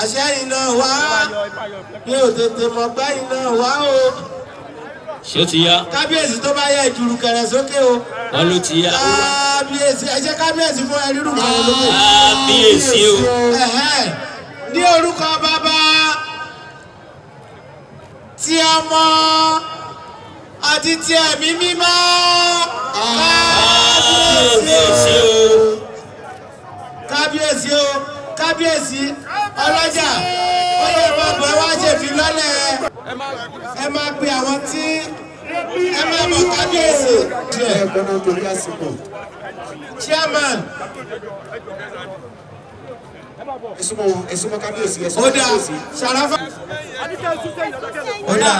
àṣẹ iná wá mi ò tètè mọ̀ gbá iná wá o. ṣé ó ti yá. kábíyèsí tó bá yá ìdúró kẹrẹ sókè o. wọn ló ti yá. kábíyèsí ẹ jẹ́ kábíyèsí fún ẹ rírun kẹrẹ lókè. kábíyèsí o. ní orúkọ bàbá tí a mọ àti tí ẹ̀mí mímọ́ kábíyèsí o kábíyèsí o kábíyèsí ọlọ́jà ọlọ́jà bàbá wa ṣèfi lọ́lẹ̀ ẹ máa pe àwọn tí ẹ máa mọ̀ kábíyèsí. chairman ọ̀dà sàràfà ọ̀dà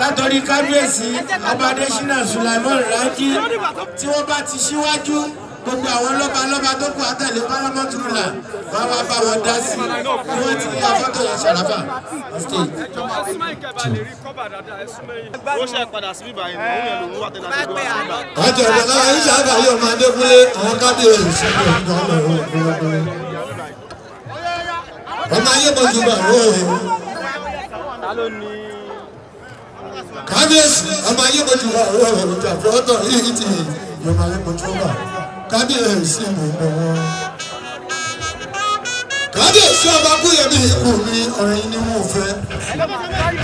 látọ̀rí kábíyèsí ọba adésínà sùlámọ́ọ̀rù rájí tí wọ́n bá ti ṣíwájú gbogbo àwọn lọ́ba lọ́ba tó kù àtẹ̀lé parliament ruler wọn wá bá wọn dá sí i wọn ti ya fọ́tò yẹn ṣàràfà stage. ó ṣe padà sí bíbá yìí lórí ẹ̀rọ òun wà tẹ̀lé àti ìgbà sí bíbá. àjọ ìgbàlá yìí ṣáàbà yóò máa dé kúlé àwọn kábíyèsí ṣẹ́gun ọ̀gá ọ̀rọ̀ ọ̀gbọ̀n. ọmọ ayé bọ̀ jù bá wọ́ọ̀ kábíyèsí ọmọ ayé bọ̀ jù bá wọ́ọ̀ ọ̀gbọ̀n ọ̀tọ̀ yìí ti yọmọ ayé bọ̀ jù bá kábíyèsí mi mọ̀ wọ́n. kábíyèsí ọba kúyèmí ikú mi ọ̀rẹ́ ni wọ́n fẹ́.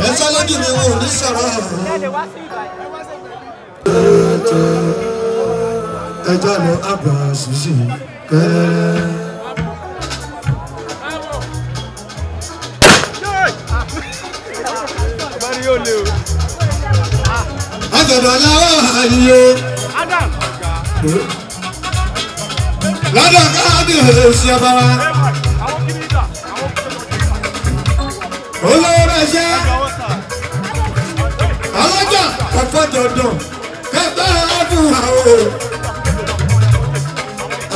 ẹ̀sán lójú mi wò ní sọ̀rọ̀ ọ̀hún. ẹjọ́ lọ àbá ṣíṣe kẹ́ẹ́. Adam lọ́dọ̀ káàdì òṣìṣẹ́ bá wa. olówó ẹṣẹ́ ọlọ́jà ọ̀pọ̀ dandan kẹta ọdún àwọ̀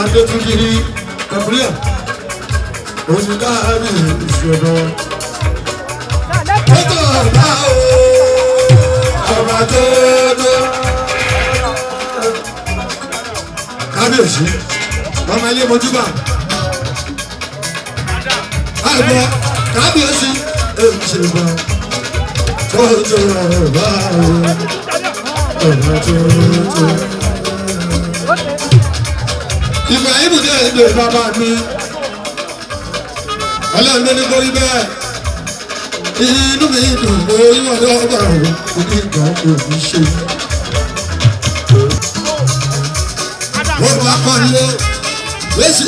adétúndínní kàbúrìà oṣù káàdì òṣìṣẹ́ bá wa. kótó ọ̀dà o ọ̀bà Mama, ilé mojúbà àgbà kábíyèsí èjìbà tọ́jú ọ̀bá ọ̀bá tọ́jú. ìgbà yìí bùdó èdè bàbá mi ọlọ́run ló ní kó rí bẹ́ẹ̀ inú mi dùn lórí ọlọ́gbà òun kò ní ìgbà òbí ṣe. mo bá kọ́ ni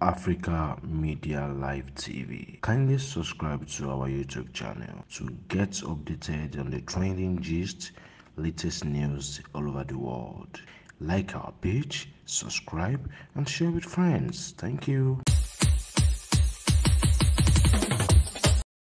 Africa Media Live TV. Kindly subscribe to our YouTube channel to get updated on the trending gist, latest news all over the world like our page subscribe and share with friends thank you